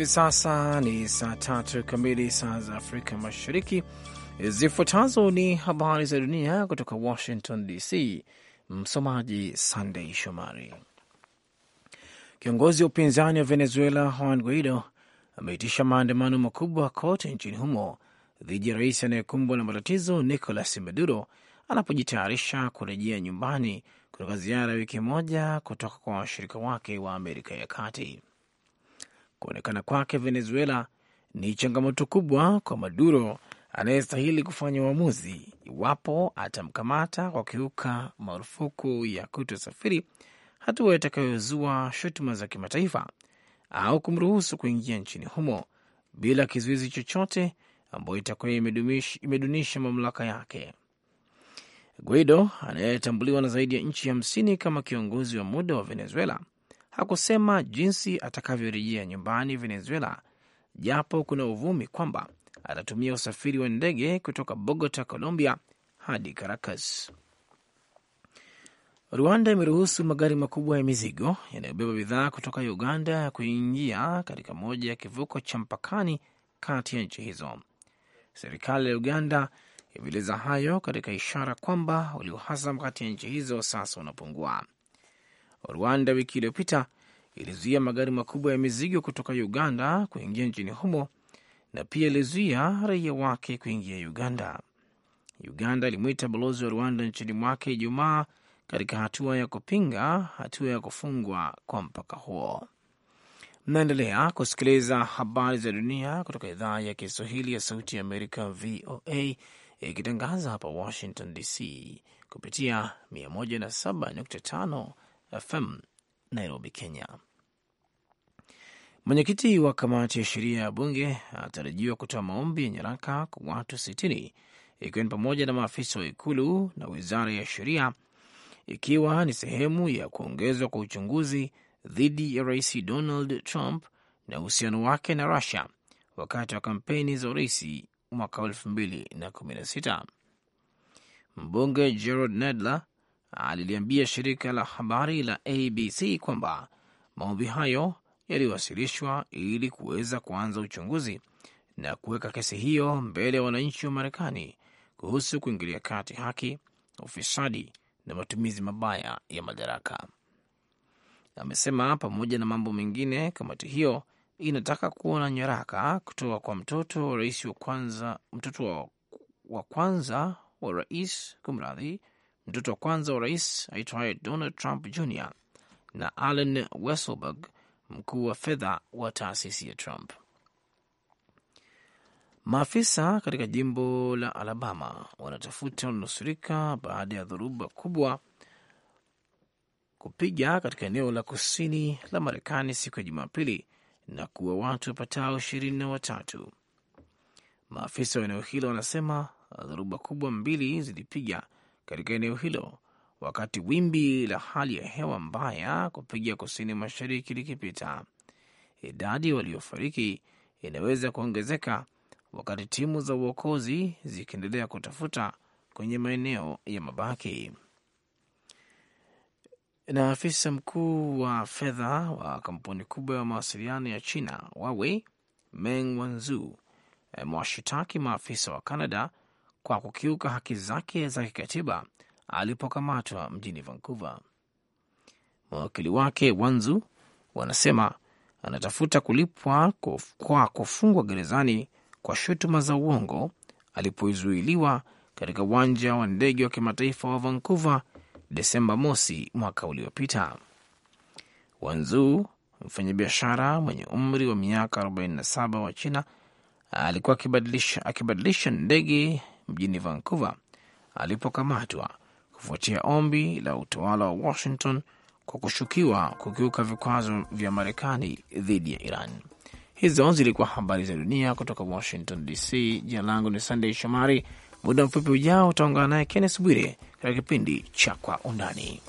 hivi sasa ni saa tatu kamili saa za Afrika Mashariki. Zifuatazo ni habari za dunia kutoka Washington DC. Msomaji Sandei Shomari. Kiongozi wa upinzani wa Venezuela Juan Guaido ameitisha maandamano makubwa kote nchini humo dhidi ya rais anayekumbwa na matatizo Nicolas Maduro anapojitayarisha kurejea nyumbani kutoka ziara ya wiki moja kutoka kwa washirika wake wa Amerika ya Kati kuonekana kwake Venezuela ni changamoto kubwa kwa Maduro anayestahili kufanya uamuzi iwapo atamkamata kwa kiuka marufuku ya kutosafiri, hatua itakayozua shutuma za kimataifa, au kumruhusu kuingia nchini humo bila kizuizi chochote, ambayo itakuwa imedunisha mamlaka yake. Guaido anayetambuliwa na zaidi ya nchi hamsini kama kiongozi wa muda wa Venezuela hakusema jinsi atakavyorejea nyumbani Venezuela, japo kuna uvumi kwamba atatumia usafiri wa ndege kutoka Bogota, Colombia hadi Caracas. Rwanda imeruhusu magari makubwa ya mizigo yanayobeba bidhaa kutoka Uganda ya kuingia katika moja ya kivuko cha mpakani kati ya nchi hizo. Serikali ya Uganda imeeleza hayo katika ishara kwamba uliohasam kati ya nchi hizo sasa unapungua. Rwanda wiki iliyopita ilizuia magari makubwa ya mizigo kutoka Uganda kuingia nchini humo na pia ilizuia raia wake kuingia Uganda. Uganda ilimwita balozi wa Rwanda nchini mwake Ijumaa katika hatua ya kupinga hatua ya kufungwa kwa mpaka huo. Mnaendelea kusikiliza habari za dunia kutoka idhaa ya Kiswahili ya Sauti ya Amerika, VOA, ikitangaza hapa Washington DC kupitia 107.5 FM Nairobi, Kenya. Mwenyekiti wa kamati ya sheria ya bunge anatarajiwa kutoa maombi ya nyaraka kwa watu sitini ikiwa ni pamoja na maafisa wa ikulu na wizara ya sheria, ikiwa ni sehemu ya kuongezwa kwa uchunguzi dhidi ya rais Donald Trump na uhusiano wake na Rusia wakati wa kampeni za urais mwaka 2016. Mbunge Gerald Nadler aliliambia shirika la habari la ABC kwamba maombi hayo yaliwasilishwa ili kuweza kuanza uchunguzi na kuweka kesi hiyo mbele ya wananchi wa Marekani kuhusu kuingilia kati haki, ufisadi na matumizi mabaya ya madaraka. Amesema pamoja na mambo mengine, kamati hiyo inataka kuona nyaraka kutoka kwa mtoto wa rais wa kwanza, mtoto wa, wa kwanza wa rais kumradhi, mtoto wa kwanza wa rais aitwaye Donald Trump Jr na Allen Weselberg, mkuu wa fedha wa taasisi ya Trump. Maafisa katika jimbo la Alabama wanatafuta wananusurika baada ya dhoruba kubwa kupiga katika eneo la kusini la Marekani siku ya Jumapili na kuwa watu wapatao ishirini na watatu. Maafisa wa eneo hilo wanasema dhoruba kubwa mbili zilipiga katika eneo hilo wakati wimbi la hali ya hewa mbaya kupiga kusini mashariki likipita. Idadi waliofariki inaweza kuongezeka wakati timu za uokozi zikiendelea kutafuta kwenye maeneo ya mabaki. Na afisa mkuu wa fedha wa kampuni kubwa ya mawasiliano ya China Huawei, Meng Wanzhou amewashitaki maafisa wa canada kwa kukiuka haki zake za kikatiba alipokamatwa mjini Vancouver. Mawakili wake Wanzu wanasema anatafuta kulipwa kwa kufungwa gerezani kwa shutuma za uongo alipozuiliwa katika uwanja wa ndege wa kimataifa wa Vancouver Desemba mosi mwaka uliopita. Wanzu, mfanyabiashara mwenye umri wa miaka 47 wa China, alikuwa akibadilisha ndege mjini Vancouver alipokamatwa kufuatia ombi la utawala wa Washington kwa kushukiwa kukiuka vikwazo vya Marekani dhidi ya Iran. Hizo zilikuwa habari za dunia kutoka Washington DC. Jina langu ni Sandey Shomari. Muda mfupi ujao utaungana naye Kennes Bwire katika kipindi cha Kwa Undani.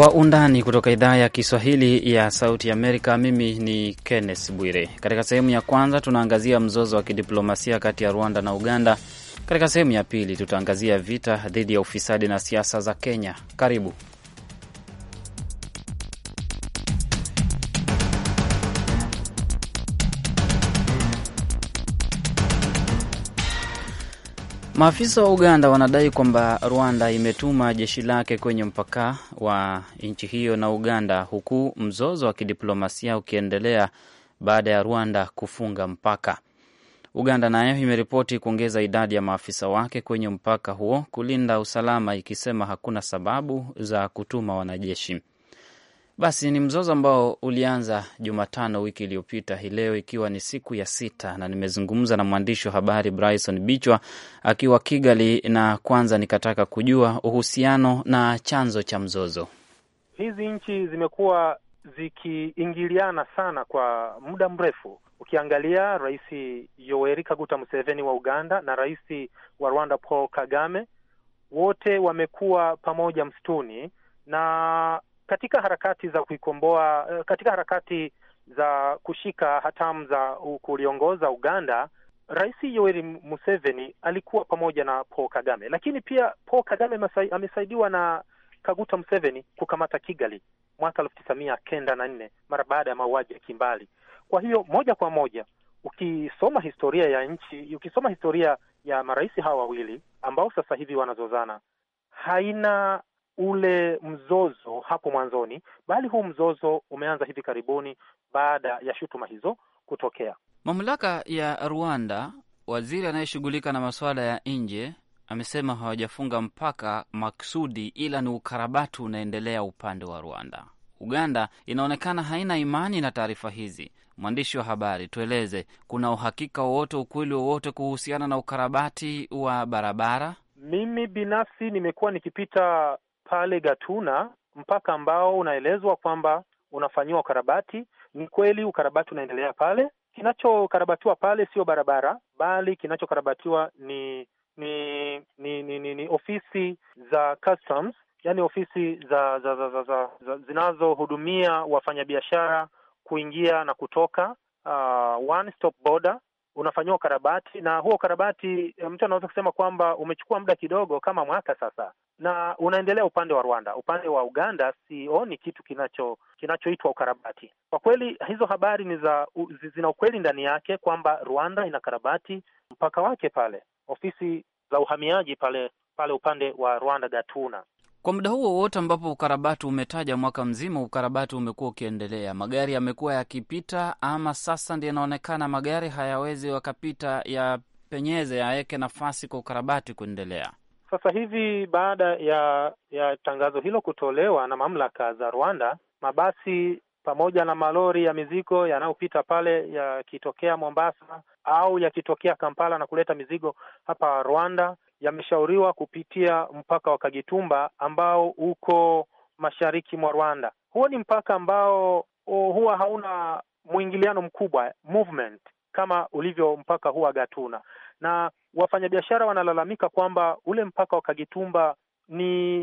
Kwa Undani kutoka idhaa ya Kiswahili ya Sauti Amerika. Mimi ni Kenneth Bwire. Katika sehemu ya kwanza tunaangazia mzozo wa kidiplomasia kati ya Rwanda na Uganda. Katika sehemu ya pili tutaangazia vita dhidi ya ufisadi na siasa za Kenya. Karibu. Maafisa wa Uganda wanadai kwamba Rwanda imetuma jeshi lake kwenye mpaka wa nchi hiyo na Uganda, huku mzozo wa kidiplomasia ukiendelea baada ya Rwanda kufunga mpaka. Uganda nayo imeripoti kuongeza idadi ya maafisa wake kwenye mpaka huo kulinda usalama, ikisema hakuna sababu za kutuma wanajeshi. Basi ni mzozo ambao ulianza Jumatano wiki iliyopita, hii leo ikiwa ni siku ya sita, na nimezungumza na mwandishi wa habari Bryson Bichwa akiwa Kigali, na kwanza nikataka kujua uhusiano na chanzo cha mzozo. Hizi nchi zimekuwa zikiingiliana sana kwa muda mrefu. Ukiangalia Rais Yoweri Kaguta Museveni wa Uganda na rais wa Rwanda Paul Kagame, wote wamekuwa pamoja msituni na katika harakati za kuikomboa, eh, katika harakati za kushika hatamu za kuliongoza Uganda, Rais Yoweri Museveni alikuwa pamoja na Paul Kagame, lakini pia Paul Kagame amesaidiwa na Kaguta Museveni kukamata Kigali mwaka elfu tisa mia kenda na nne mara baada ya mauaji ya kimbali. Kwa hiyo moja kwa moja ukisoma historia ya nchi, ukisoma historia ya marais hawa wawili ambao sasa hivi wanazozana, haina ule mzozo hapo mwanzoni, bali huu mzozo umeanza hivi karibuni baada ya shutuma hizo kutokea. Mamlaka ya Rwanda, waziri anayeshughulika na masuala ya nje amesema hawajafunga mpaka maksudi, ila ni ukarabati unaendelea upande wa Rwanda. Uganda inaonekana haina imani na taarifa hizi. Mwandishi wa habari, tueleze, kuna uhakika wowote, ukweli wowote kuhusiana na ukarabati wa barabara? Mimi binafsi nimekuwa nikipita pale Gatuna mpaka ambao unaelezwa kwamba unafanyiwa ukarabati. Ni kweli ukarabati unaendelea pale. Kinachokarabatiwa pale sio barabara, bali kinachokarabatiwa ni ni ni, ni, ni, ni ofisi za customs, yani ofisi za, za, za, za, za, za zinazohudumia wafanyabiashara kuingia na kutoka, uh, one stop border unafanyiwa ukarabati, na huo ukarabati eh, mtu anaweza kusema kwamba umechukua muda kidogo kama mwaka sasa, na unaendelea upande wa Rwanda. Upande wa Uganda sioni kitu kinacho kinachoitwa ukarabati. Kwa kweli hizo habari ni za zina ukweli ndani yake kwamba Rwanda inakarabati mpaka wake pale, ofisi za uhamiaji pale pale upande wa Rwanda Gatuna. Kwa muda huo wote ambapo ukarabati umetaja mwaka mzima, ukarabati umekuwa ukiendelea, magari yamekuwa yakipita, ama sasa ndio yanaonekana magari hayawezi wakapita, ya penyeze yaweke nafasi kwa ukarabati kuendelea. Sasa hivi baada ya ya tangazo hilo kutolewa na mamlaka za Rwanda, mabasi pamoja na malori ya mizigo yanayopita pale yakitokea Mombasa au yakitokea Kampala na kuleta mizigo hapa Rwanda yameshauriwa kupitia mpaka wa Kagitumba ambao uko mashariki mwa Rwanda. Huo ni mpaka ambao huwa hauna mwingiliano mkubwa movement kama ulivyo mpaka huwa Gatuna, na wafanyabiashara wanalalamika kwamba ule mpaka wa Kagitumba ni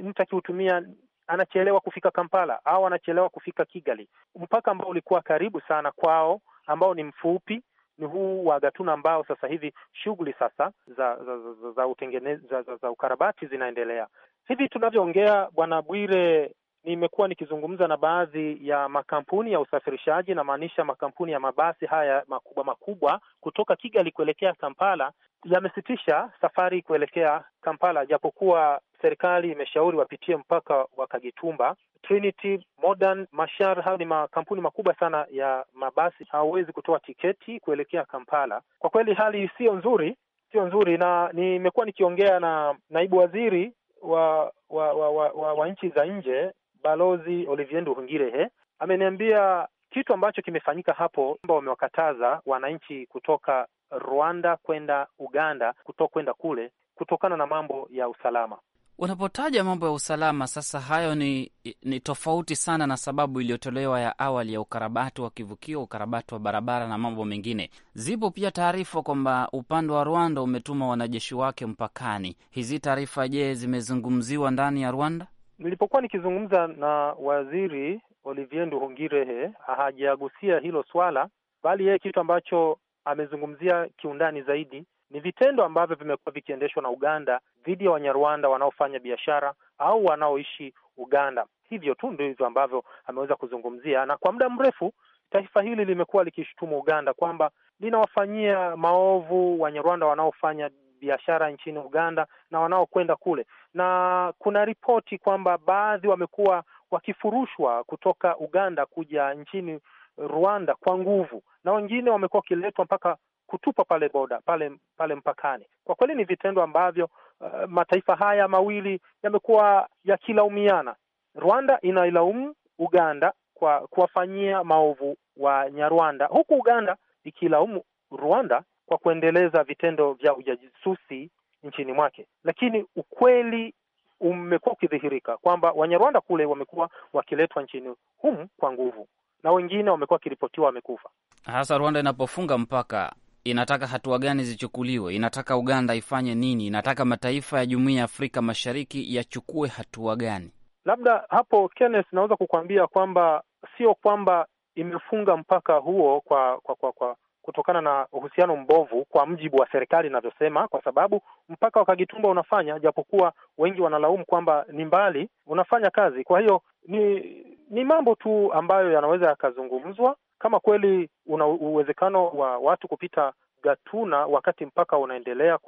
nitakiutumia anachelewa kufika Kampala au anachelewa kufika Kigali. Mpaka ambao ulikuwa karibu sana kwao ambao ni mfupi ni huu wa Gatuna ambao sasa hivi shughuli sasa za za, za, za, utengeneza, za, za, za ukarabati zinaendelea hivi tunavyoongea, Bwana Bwire. Nimekuwa nikizungumza na baadhi ya makampuni ya usafirishaji, namaanisha makampuni ya mabasi haya makubwa makubwa kutoka Kigali kuelekea Kampala, yamesitisha safari kuelekea Kampala, japokuwa serikali imeshauri wapitie mpaka wa Kagitumba. Trinity, Modern, Mashar, hayo ni makampuni makubwa sana ya mabasi, hawawezi kutoa tiketi kuelekea Kampala. Kwa kweli hali siyo nzuri, sio nzuri, na nimekuwa nikiongea na naibu waziri wa wa wa, wa, wa, wa nchi za nje Balozi Olivier Nduhungirehe ameniambia kitu ambacho kimefanyika hapo, kwamba wamewakataza wananchi kutoka Rwanda kwenda Uganda kutoka kwenda kule kutokana na mambo ya usalama. Unapotaja mambo ya usalama sasa, hayo ni, ni tofauti sana na sababu iliyotolewa ya awali ya ukarabati wa kivukio, ukarabati wa barabara na mambo mengine. Zipo pia taarifa kwamba upande wa Rwanda umetuma wanajeshi wake mpakani. Hizi taarifa, je, zimezungumziwa ndani ya Rwanda? Nilipokuwa nikizungumza na waziri Olivier Nduhungirehe, hajagusia hilo swala, bali yeye kitu ambacho amezungumzia kiundani zaidi ni vitendo ambavyo vimekuwa vikiendeshwa na Uganda dhidi ya Wanyarwanda wanaofanya biashara au wanaoishi Uganda. Hivyo tu ndivyo ambavyo ameweza kuzungumzia, na kwa muda mrefu taifa hili limekuwa likishutumu Uganda kwamba linawafanyia maovu Wanyarwanda wanaofanya biashara nchini Uganda na wanaokwenda kule, na kuna ripoti kwamba baadhi wamekuwa wakifurushwa kutoka Uganda kuja nchini Rwanda kwa nguvu, na wengine wamekuwa wakiletwa mpaka kutupwa pale boda pale pale mpakani. Kwa kweli ni vitendo ambavyo uh, mataifa haya mawili yamekuwa yakilaumiana. Rwanda inailaumu Uganda kwa kuwafanyia maovu wa Nyarwanda, huku Uganda ikilaumu Rwanda kwa kuendeleza vitendo vya ujasusi nchini mwake. Lakini ukweli umekuwa ukidhihirika kwamba Wanyarwanda kule wamekuwa wakiletwa nchini humu kwa nguvu na wengine wamekuwa wakiripotiwa wamekufa. Hasa Rwanda inapofunga mpaka inataka hatua gani zichukuliwe, inataka Uganda ifanye nini, inataka mataifa ya jumuiya ya Afrika Mashariki yachukue hatua gani? Labda hapo Kenneth, naweza kukuambia kwamba sio kwamba imefunga mpaka huo kwa kwa kwa, kwa kutokana na uhusiano mbovu kwa mjibu wa serikali inavyosema, kwa sababu mpaka wa Kagitumba unafanya, japokuwa wengi wanalaumu kwamba ni mbali, unafanya kazi. Kwa hiyo ni ni mambo tu ambayo yanaweza yakazungumzwa kama kweli una uwezekano wa watu kupita Gatuna wakati mpaka unaendelea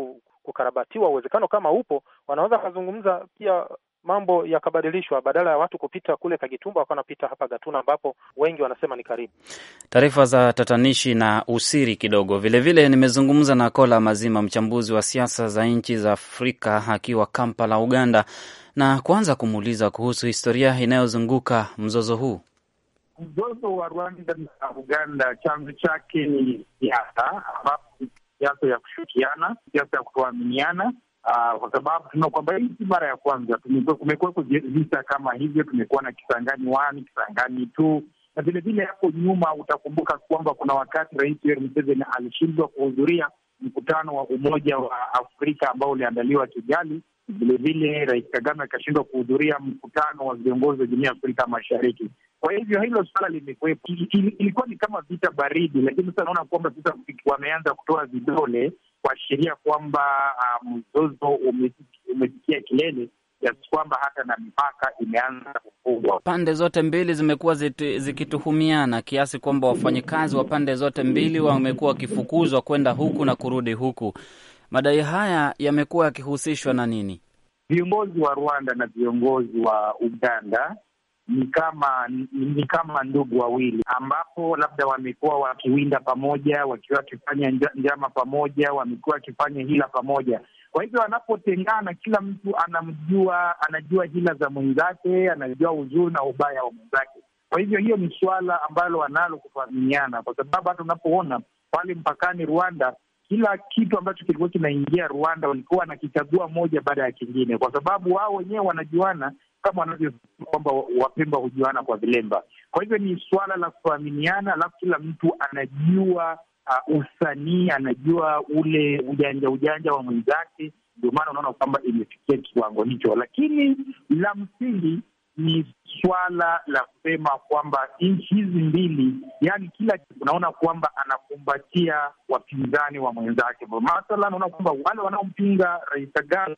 kukarabatiwa, uwezekano kama upo, wanaweza wakazungumza pia mambo yakabadilishwa, badala ya watu kupita kule Kagitumba wakawa wanapita hapa Gatuna ambapo wengi wanasema ni karibu. Taarifa za tatanishi na usiri kidogo. Vilevile vile, nimezungumza na Kola Mazima, mchambuzi wa siasa za nchi za Afrika akiwa Kampala, Uganda, na kuanza kumuuliza kuhusu historia inayozunguka mzozo huu mzozo wa Rwanda na Uganda chanzo chake ni siasa, ambapo siasa ya kushukiana, siasa ya kutoaminiana, ah, kwa sababu tuna kwamba hii si mara ya kwanza. Kumekuweko visa kama hivyo, tumekuwa na Kisangani wani, Kisangani tu na vilevile hapo nyuma utakumbuka kwamba kuna wakati Rais Yoweri Museveni alishindwa kuhudhuria mkutano wa Umoja wa Afrika ambao uliandaliwa Kigali. Vilevile Rais Kagame akashindwa kuhudhuria mkutano wa viongozi wa Jumuiya ya Afrika Mashariki. Kwa hivyo hilo suala limekuwepo, ilikuwa ni kama vita baridi, lakini sasa naona kwamba sasa wameanza kutoa vidole kuashiria kwamba ah, mzozo um, umefikia kilele kiasi kwamba hata na mipaka imeanza kufungwa. Pande zote mbili zimekuwa zikituhumiana kiasi kwamba wafanyikazi wa pande zote mbili wamekuwa wakifukuzwa kwenda huku na kurudi huku. Madai haya yamekuwa yakihusishwa na nini? Viongozi wa Rwanda na viongozi wa Uganda ni kama ni kama ndugu wawili, ambapo labda wamekuwa wakiwinda pamoja, wakiwa wakifanya njama pamoja, wamekuwa wakifanya hila pamoja. Kwa hivyo wanapotengana, kila mtu anamjua, anajua hila za mwenzake, anajua uzuri na ubaya wa mwenzake. Kwa hivyo hiyo ni suala ambalo wanalo kufahamiana, kwa sababu hata unapoona pale mpakani Rwanda, kila kitu ambacho kilikuwa kinaingia Rwanda walikuwa wanakichagua moja baada ya kingine, kwa sababu wao wenyewe wanajuana kama wanavyosema kwamba wapemba hujuana kwa vilemba. Kwa hivyo ni suala la kuaminiana, alafu kila mtu anajua uh, usanii, anajua ule ujanja ujanja wa mwenzake. Ndio maana unaona kwamba imefikia kiwango hicho, lakini la msingi ni swala la kusema kwamba nchi hizi mbili, yani kila unaona kwamba anakumbatia wapinzani wa mwenzake. Mathalan, unaona kwamba wale wanaompinga Rais Kagame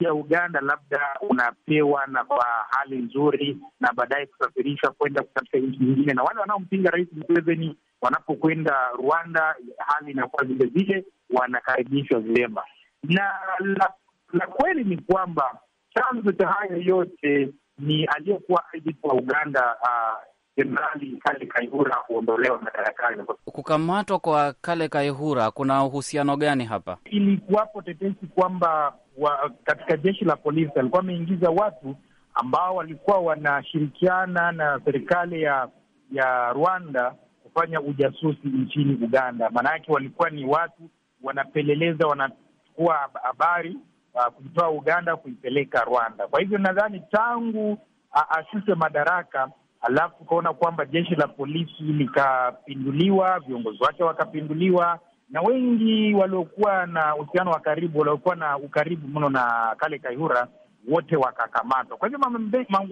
ya Uganda labda unapewa na kwa hali nzuri na baadaye kusafirishwa kwenda katika nchi nyingine, na wale wanaompinga Rais Museveni wanapokwenda Rwanda hali inakuwa vile vile, wanakaribishwa vyema. Na la, la kweli ni kwamba chanzo cha haya yote ni aliyekuwa IGP wa Uganda ah, Jenerali uh, Kale Kaihura kuondolewa madarakani. Kukamatwa kwa Kale Kaihura kuna uhusiano gani hapa? Ilikuwapo tetesi kwamba wa, katika jeshi la polisi alikuwa ameingiza watu ambao walikuwa wanashirikiana na serikali ya ya Rwanda kufanya ujasusi nchini Uganda. maanayake walikuwa ni watu wanapeleleza, wanachukua habari uh, kuitoa Uganda kuipeleka Rwanda. Kwa hivyo nadhani tangu uh, ashushe madaraka alafu ukaona kwamba jeshi la polisi likapinduliwa, viongozi wake wakapinduliwa, na wengi waliokuwa na uhusiano wa karibu, waliokuwa na ukaribu mno na Kale Kayihura wote wakakamatwa. Kwa hivyo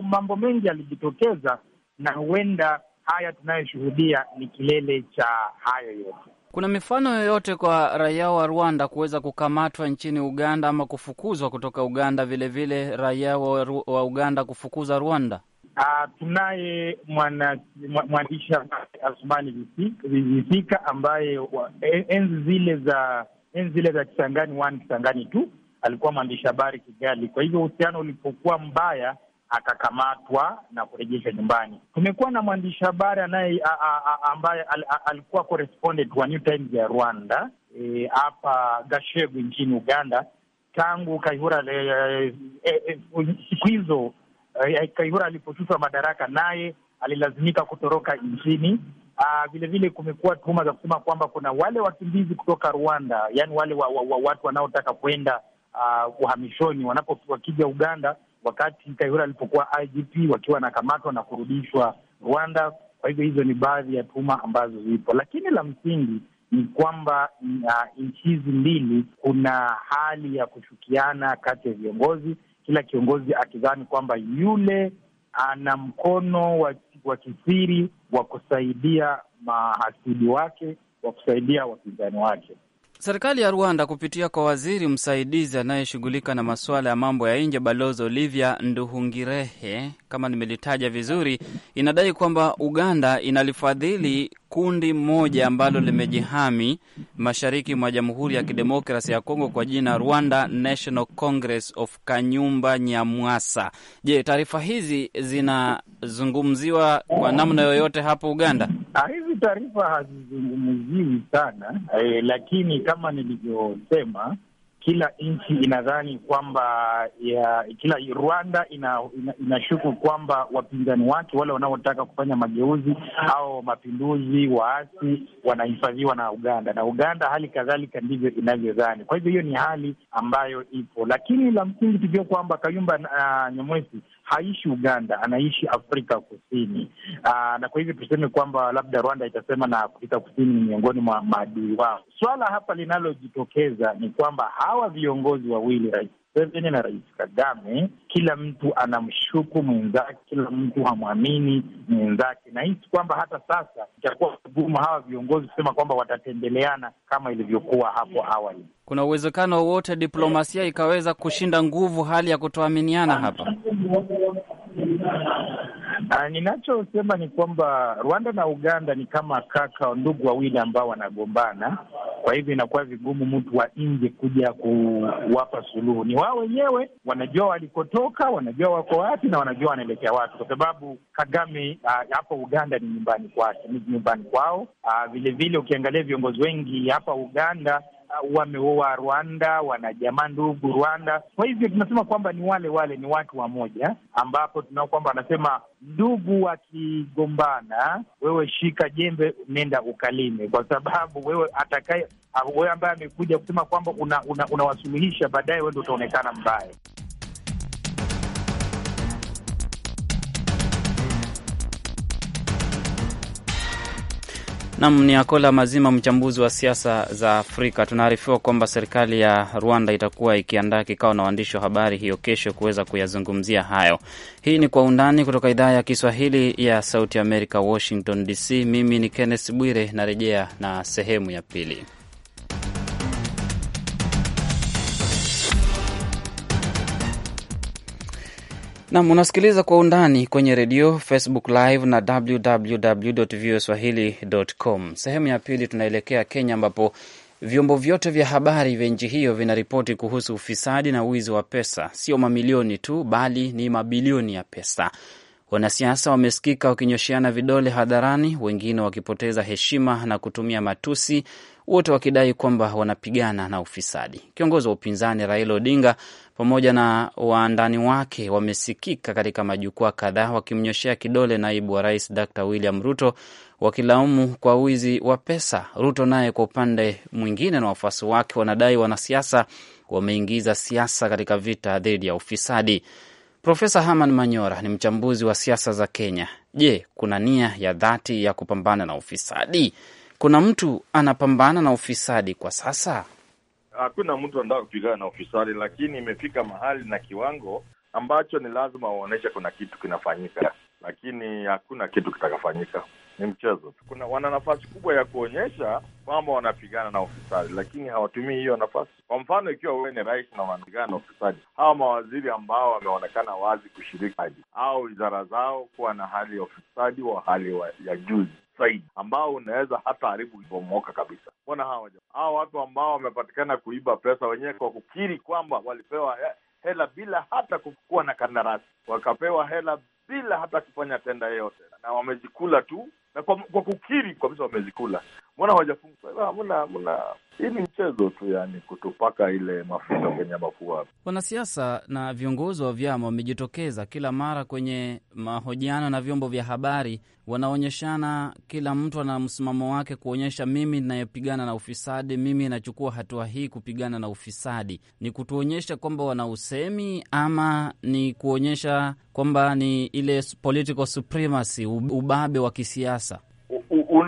mambo mengi yalijitokeza, na huenda haya tunayoshuhudia ni kilele cha haya yote. Kuna mifano yoyote kwa raia wa Rwanda kuweza kukamatwa nchini Uganda ama kufukuzwa kutoka Uganda, vilevile raia wa Uganda kufukuza Rwanda? Uh, tunaye mwandishi habari Asumani Visika ambaye e, enzi zile za enzi zile za Kisangani one Kisangani tu alikuwa mwandishi habari Kigali. Kwa hivyo uhusiano ulipokuwa mbaya akakamatwa na kurejeshwa nyumbani. Tumekuwa na mwandishi habari anaye ambaye alikuwa correspondent wa New Times ya Rwanda e, hapa e, Gashegu nchini Uganda tangu Kaihura e, e, e, siku hizo e, e Kaihura aliposhushwa madaraka, naye alilazimika kutoroka nchini. Vilevile kumekuwa tuhuma za kusema kwamba kuna wale wakimbizi kutoka Rwanda, yaani wale wa, wa, wa, watu wanaotaka kwenda uhamishoni, uh, wanapowakija Uganda wakati Kayihura alipokuwa IGP wakiwa wanakamatwa na kurudishwa Rwanda. Kwa hivyo hizo ni baadhi ya tuhuma ambazo zipo, lakini la msingi ni kwamba uh, nchi hizi mbili kuna hali ya kushukiana kati ya viongozi, kila kiongozi akidhani kwamba yule ana mkono wa, wa kisiri wa kusaidia mahasidi wake, wa kusaidia wapinzani wake. Serikali ya Rwanda kupitia kwa waziri msaidizi anayeshughulika na masuala ya mambo ya nje Balozi Olivia Nduhungirehe, kama nimelitaja vizuri, inadai kwamba Uganda inalifadhili kundi moja ambalo limejihami mashariki mwa Jamhuri ya Kidemokrasi ya Kongo kwa jina Rwanda National Congress of Kanyumba Nyamwasa. Je, taarifa hizi zinazungumziwa kwa namna yoyote hapo Uganda? Ah, hizi taarifa hazizungumziwi sana eh, lakini kama nilivyosema, kila nchi inadhani kwamba ya, kila Rwanda inashuku ina, ina kwamba wapinzani wake wale wanaotaka kufanya mageuzi au mapinduzi, waasi wanahifadhiwa na Uganda, na Uganda hali kadhalika ndivyo inavyodhani. Kwa hivyo hiyo ni hali ambayo ipo, lakini la msingi tujue kwamba Kayumba uh, Nyamwesi haishi Uganda, anaishi Afrika Kusini. Aa, ah, na kwa hivyo tuseme kwamba labda Rwanda itasema na Afrika Kusini ni miongoni mwa maadui wao. Swala hapa linalojitokeza ni kwamba hawa viongozi wawili, rais Museveni na Rais Kagame, kila mtu anamshuku mwenzake, kila mtu hamwamini mwenzake. Nahisi kwamba hata sasa itakuwa vigumu hawa viongozi kusema kwamba watatembeleana kama ilivyokuwa hapo awali. Kuna uwezekano wowote diplomasia ikaweza kushinda nguvu hali ya kutoaminiana hapa? Uh, ninachosema ni kwamba Rwanda na Uganda ni kama kaka ndugu wawili ambao wanagombana, kwa hivyo inakuwa vigumu mtu wa nje kuja kuwapa suluhu. Ni wao wenyewe wanajua walikotoka, wanajua wako wapi na wanajua wanaelekea wapi, kwa sababu Kagame ah, hapa Uganda ni nyumbani kwake, ni nyumbani kwao. Vilevile ah, ukiangalia viongozi wengi hapa Uganda wameoa Rwanda, wana jamaa ndugu Rwanda. Kwa hivyo tunasema kwamba ni wale wale, ni watu wamoja, ambapo tunao kwamba wanasema ndugu wakigombana, wewe shika jembe, nenda ukalime, kwa sababu wewe atakaye, wewe ambaye amekuja kusema kwamba unawasuluhisha una, una baadaye, wewe ndo utaonekana mbaya. Nam ni Akola Mazima, mchambuzi wa siasa za Afrika. Tunaarifiwa kwamba serikali ya Rwanda itakuwa ikiandaa kikao na waandishi wa habari hiyo kesho kuweza kuyazungumzia hayo. Hii ni Kwa Undani kutoka idhaa ya Kiswahili ya Sauti Amerika, Washington DC. Mimi ni Kenneth Bwire, narejea na sehemu ya pili. Nam, unasikiliza kwa undani kwenye redio, Facebook live na www voa Sehemu ya pili tunaelekea Kenya, ambapo vyombo vyote vya habari vya nchi hiyo vinaripoti kuhusu ufisadi na wizi wa pesa, sio mamilioni tu, bali ni mabilioni ya pesa. Wanasiasa wamesikika wakinyosheana vidole hadharani, wengine wakipoteza heshima na kutumia matusi wote wakidai kwamba wanapigana na ufisadi. Kiongozi wa upinzani Raila Odinga pamoja na waandani wake wamesikika katika majukwaa kadhaa wakimnyoshea kidole naibu wa rais Dr William Ruto wakilaumu kwa wizi wa pesa. Ruto naye kwa upande mwingine na wafuasi wake wanadai wanasiasa wameingiza siasa katika vita dhidi ya ufisadi. Profesa Herman Manyora ni mchambuzi wa siasa za Kenya. Je, kuna nia ya dhati ya kupambana na ufisadi? kuna mtu anapambana na ufisadi kwa sasa? Hakuna mtu anataka kupigana na ufisadi, lakini imefika mahali na kiwango ambacho ni lazima waonyeshe kuna kitu kinafanyika, lakini hakuna kitu kitakafanyika. Ni mchezo tu. Kuna wana nafasi kubwa ya kuonyesha kwamba wanapigana na ufisadi, lakini hawatumii hiyo nafasi. Kwa mfano, ikiwa wewe ni rais na wanapigana na ufisadi, hawa mawaziri ambao wameonekana wazi kushiriki au wizara zao kuwa na hali ya ufisadi wa hali wa ya juzi, zaidi ambao unaweza hata haribu kubomoka kabisa. Mbona hawa hawa watu ambao wamepatikana kuiba pesa wenyewe kwa kukiri kwamba walipewa hela bila hata kukuwa na kandarasi, wakapewa hela bila hata kufanya tenda yeyote, na wamezikula tu na kwa, kwa kukiri kabisa wamezikula mbona hawajafungwa? Hamna, hamna. Hii ni mchezo tu, yani kutupaka ile mafuta kwenye mafua. Wanasiasa na viongozi wa vyama wamejitokeza kila mara kwenye mahojiano na vyombo vya habari, wanaonyeshana, kila mtu ana msimamo wake, kuonyesha mimi ninayepigana na ufisadi, mimi nachukua hatua hii kupigana na ufisadi. Ni kutuonyesha kwamba wana usemi ama ni kuonyesha kwamba ni ile political supremacy, ubabe wa kisiasa?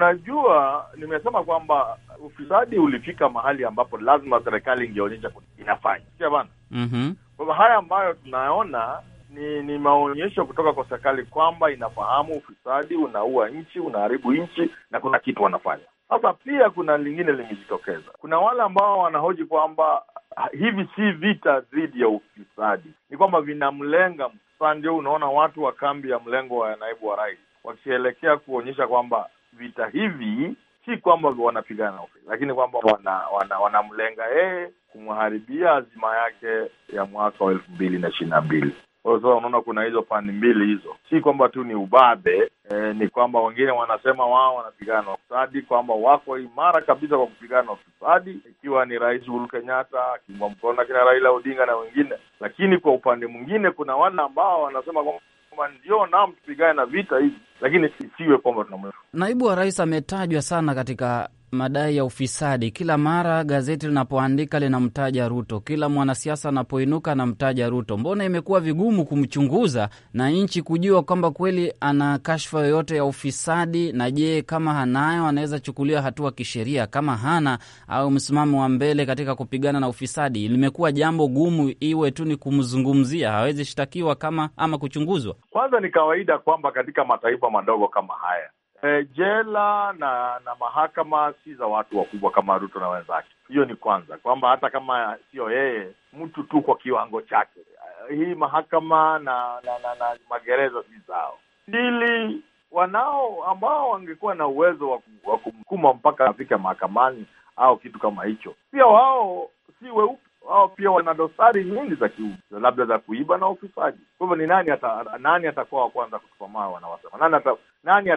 Unajua, nimesema kwamba ufisadi ulifika mahali ambapo lazima serikali ingeonyesha inafanya, sikia bana. mm-hmm. haya ambayo tunaona ni ni maonyesho kutoka kwa serikali kwamba inafahamu ufisadi unaua nchi, unaharibu nchi na kuna kitu wanafanya. Sasa pia kuna lingine limejitokeza, kuna wale ambao wanahoji kwamba hivi si vita dhidi ya ufisadi, ni kwamba vinamlenga. Sasa ndio unaona watu wa kambi ya mlengo wa naibu wa rais wakielekea kuonyesha kwamba vita hivi si kwamba wanapigana lakini kwamba wanamlenga wana, wana yeye kumharibia azima yake ya mwaka wa elfu mbili na ishirini na mbili. Sasa unaona kuna hizo pande mbili hizo, si kwamba tu ni ubabe eh, ni kwamba wengine wanasema wao wanapigana na ufisadi, kwamba wako imara kabisa kwa kupigana na ufisadi, ikiwa ni Rais Uhuru Kenyatta akiungwa mkono akina Raila Odinga na wengine. Lakini kwa upande mwingine kuna wale ambao wanasema kwamba ndio, nam tupigane na vita hivi lakini siwe kwamba tunamwona. Naibu wa rais ametajwa sana katika madai ya ufisadi. Kila mara gazeti linapoandika linamtaja Ruto, kila mwanasiasa anapoinuka anamtaja Ruto. Mbona imekuwa vigumu kumchunguza na nchi kujua kwamba kweli ana kashfa yoyote ya ufisadi? Na je, kama hanayo anaweza chukuliwa hatua kisheria? Kama hana au msimamo wa mbele katika kupigana na ufisadi, limekuwa jambo gumu, iwe tu ni kumzungumzia, hawezi shtakiwa kama ama kuchunguzwa. Kwanza ni kawaida kwamba katika mataifa madogo kama haya e, jela na na mahakama si za watu wakubwa kama Ruto na wenzake. Hiyo ni kwanza, kwamba hata kama sio yeye, mtu tu kwa kiwango chake. Eh, hii mahakama na na, na, na magereza si zao. Pili, wanao ambao wangekuwa na uwezo wa kumkuma mpaka afike mahakamani au kitu kama hicho, pia wao si weupe wao pia wana dosari nyingi za kiuchumi, labda za kuiba na ufisadi. Kwa hivyo ni nani ata, nani atakuwa wa kwanza kutukomaa? Wanawasema nani ata, nani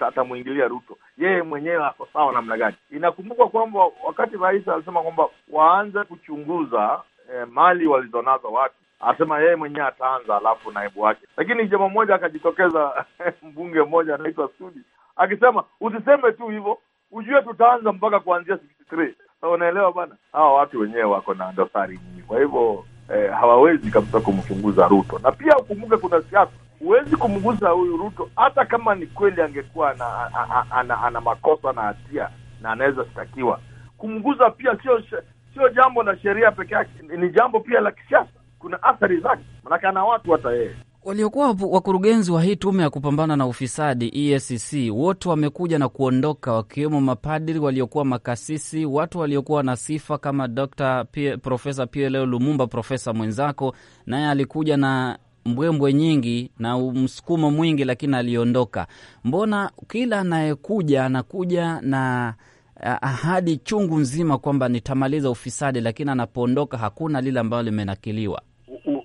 atamwingilia ata, ata Ruto? Yeye mwenyewe ako sawa namna gani? Inakumbuka kwamba wakati rais alisema kwamba waanze kuchunguza eh, mali walizonazo watu asema yeye mwenyewe ataanza, alafu naibu wake. Lakini jamaa mmoja akajitokeza mbunge mmoja anaitwa Sudi akisema usiseme tu hivyo, ujue tutaanza mpaka kuanzia 63 unaelewa bwana, hawa watu wenyewe wako na dosari nyingi, kwa hivyo eh, hawawezi kabisa kumchunguza Ruto. Na pia ukumbuke, kuna siasa, huwezi kumguza huyu Ruto hata kama ni kweli angekuwa ana, ana, ana, ana makosa na hatia na anaweza shtakiwa. Kumguza pia sio sio jambo la sheria peke yake, ni jambo pia la kisiasa, kuna athari zake, manake ana watu hata yeye waliokuwa wakurugenzi wa hii tume ya kupambana na ufisadi EACC wote wamekuja na kuondoka, wakiwemo mapadiri waliokuwa makasisi, watu waliokuwa na sifa kama Dr. Profesa Pierre Lumumba, profesa mwenzako, naye alikuja na mbwembwe nyingi na msukumo mwingi, lakini aliondoka. Mbona kila anayekuja anakuja na ahadi chungu nzima kwamba nitamaliza ufisadi, lakini anapoondoka hakuna lile ambalo limenakiliwa?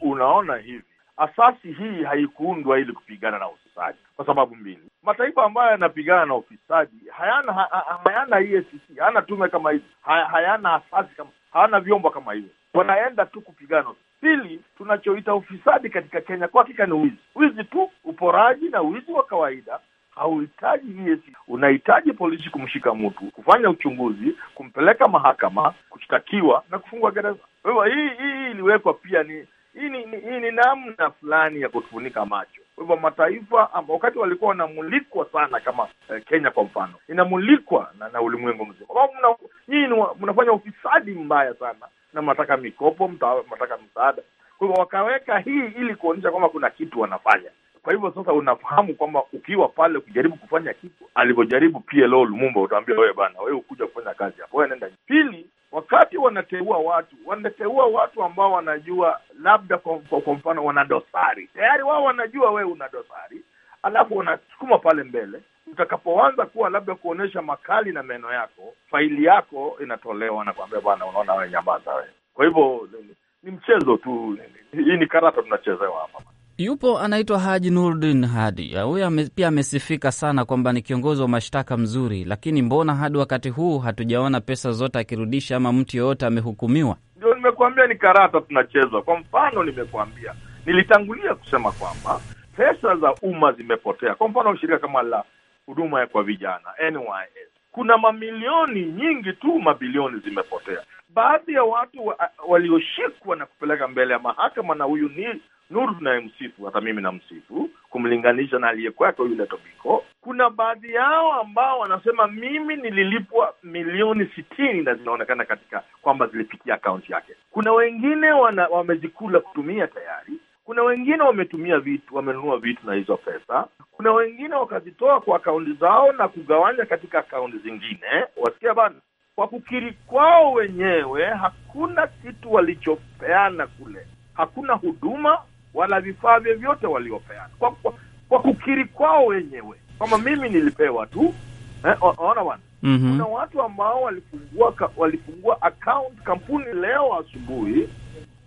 Unaona hivi Asasi hii haikuundwa ili kupigana na ufisadi kwa sababu mbili. Mataifa ambayo yanapigana na ufisadi hayana ha, hayana EACC, hayana tume kama hizi, hayana asasi kama, hayana vyombo kama hivyo, wanaenda tu kupigana. Pili, tunachoita ufisadi katika Kenya kwa hakika ni wizi, wizi tu, uporaji na wizi wa kawaida hauhitaji EACC. Unahitaji polisi kumshika mtu, kufanya uchunguzi, kumpeleka mahakama, kushtakiwa na kufungwa gereza. Kwa hivyo hii hii iliwekwa pia ni hii ni, hii ni namna fulani ya kutufunika macho. Kwa hivyo mataifa ambao wakati walikuwa wanamulikwa sana kama eh, Kenya kwa mfano inamulikwa na, na ulimwengu mzima, nyinyi mnafanya ufisadi mbaya sana na mnataka mikopo, mnataka msaada. Kwa hivyo wakaweka hii ili kuonyesha kwamba kuna kitu wanafanya. Kwa hivyo sasa unafahamu kwamba ukiwa pale ukijaribu kufanya kitu alivyojaribu PLO Lumumba, utaambia wewe bana, wewe ukuja kufanya kazi hapo, wewe nenda. Pili, Wakati wanateua watu, wanateua watu ambao wanajua, labda kwa mfano, wana dosari tayari, wao wanajua wewe una dosari, alafu wanasukuma pale mbele. Utakapoanza kuwa labda kuonyesha makali na meno yako, faili yako inatolewa na kuambia, bwana, unaona wewe, nyambaza wewe. Kwa hivyo ni, ni mchezo tu, hii ni karata tunachezewa hapa yupo anaitwa Haji Nurdin Hadi. Huyo pia amesifika sana kwamba ni kiongozi wa mashtaka mzuri, lakini mbona hadi wakati huu hatujaona pesa zote akirudisha ama mtu yoyote amehukumiwa? Ndio nimekuambia ni karata tunachezwa. Kwa mfano, nimekuambia nilitangulia kusema kwamba pesa za umma zimepotea. Kwa mfano, shirika kama la huduma kwa vijana NYS, kuna mamilioni nyingi tu, mabilioni zimepotea. Baadhi ya watu walioshikwa na kupeleka mbele ya mahakama, na huyu ni Nuru msifu hata mimi na msifu kumlinganisha na aliyekwako yule Tobiko. Kuna baadhi yao ambao wanasema mimi nililipwa milioni sitini na zinaonekana katika kwamba zilipitia akaunti yake. Kuna wengine wana, wamezikula kutumia tayari kuna wengine wametumia vitu wamenunua vitu na hizo pesa. Kuna wengine wakazitoa kwa akaunti zao na kugawanya katika akaunti zingine. Wasikia bana, kwa kukiri kwao wenyewe hakuna kitu walichopeana kule, hakuna huduma, wala vifaa vyovyote waliopeana, kwa, kwa, kwa kukiri kwao wenyewe kwamba mimi nilipewa tu eh, ona bwana mm -hmm. Kuna watu ambao walifungua walifungua account kampuni leo asubuhi,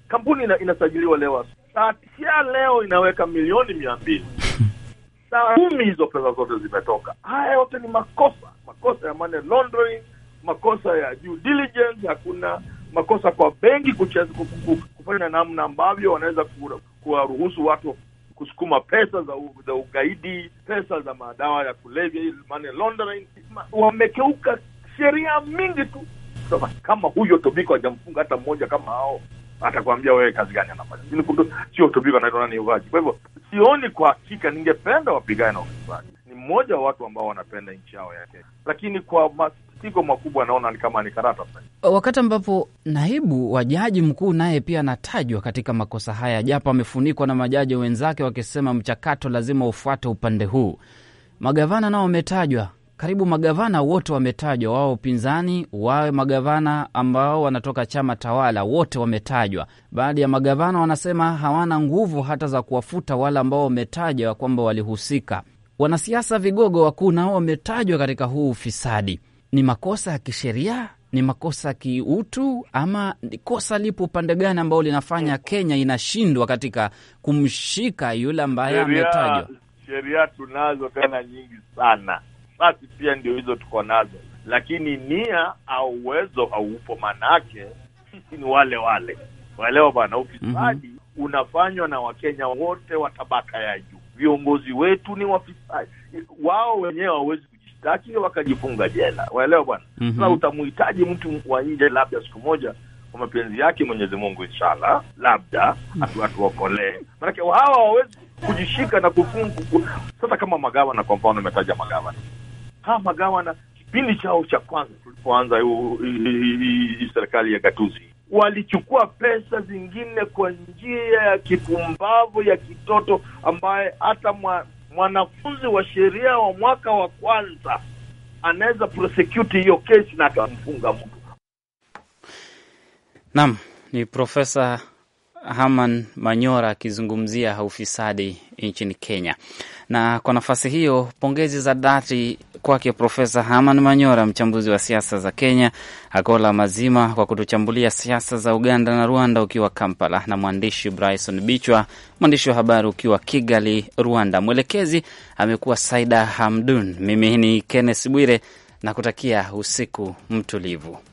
kampuni ina, inasajiliwa leo asubuhi, saa tisa leo inaweka milioni mia mbili saa kumi hizo pesa zote zimetoka. Haya yote ni makosa, makosa ya money laundering, makosa ya due diligence, hakuna makosa kwa benki kucheza kufanya namna ambavyo wanaweza kuwaruhusu watu kusukuma pesa za, u, za ugaidi, pesa za madawa ya kulevya, money laundering. Wamekeuka sheria mingi tu. Sasa kama huyo Tobiko hajamfunga hata mmoja kama hao, atakwambia wewe kazi gani anafanya? Sio Tobiko, anaitwa nani? Uvaji. Kwa hivyo sioni kwa hakika, ningependa wapigane na ufisadi. Ni mmoja wa watu ambao wanapenda nchi yao ya Kenya, lakini kwa mas mapigo makubwa naona ni kama ni karata. Wakati ambapo naibu wa jaji mkuu naye pia anatajwa katika makosa haya, japo amefunikwa na majaji wenzake wakisema mchakato lazima ufuate upande huu. Magavana nao wametajwa, karibu magavana wote wametajwa, wao upinzani, wawe magavana ambao wanatoka chama tawala, wote wametajwa. Baadhi ya magavana wanasema hawana nguvu hata za kuwafuta wale ambao wametajwa kwamba walihusika. Wanasiasa vigogo wakuu nao wametajwa katika huu ufisadi ni makosa ya kisheria, ni makosa ya kiutu, ama kosa lipo upande gani ambao linafanya Kenya inashindwa katika kumshika yule ambaye ametajwa? Sheria tunazo tena nyingi sana, basi pia ndio hizo tuko nazo, lakini nia au uwezo haupo, maanake sisi ni wale wale, waelewa bwana. Ufisadi mm -hmm. unafanywa na Wakenya wote wa tabaka ya juu. Viongozi wetu ni wafisadi, wao wenyewe hawawezi lakini wakajifunga jela, waelewa bwana. mm -hmm. utamhitaji mtu wa nje labda siku moja kwa mapenzi yake Mwenyezi Mungu, inshallah, labda mhm. atuokolee, maanake hawa hawawezi kujishika na kufungu. Sasa kama magawana, kwa mfano, umetaja magawana, hawa magawana kipindi chao cha kwanza tulipoanza hii serikali ya gatuzi walichukua pesa zingine kwa njia ya kipumbavu ya kitoto, ambaye hata mwanafunzi wa sheria wa mwaka wa kwanza anaweza prosecute hiyo kesi na akamfunga mtu. Naam, ni Profesa Herman Manyora akizungumzia ufisadi nchini Kenya. Na kwa nafasi hiyo, pongezi za dhati kwake Profesa Herman Manyora, mchambuzi wa siasa za Kenya, Akola Mazima kwa kutuchambulia siasa za Uganda na Rwanda ukiwa Kampala, na mwandishi Bryson Bichwa, mwandishi wa habari ukiwa Kigali, Rwanda. Mwelekezi amekuwa Saida Hamdun. Mimi ni Kenneth Bwire na kutakia usiku mtulivu.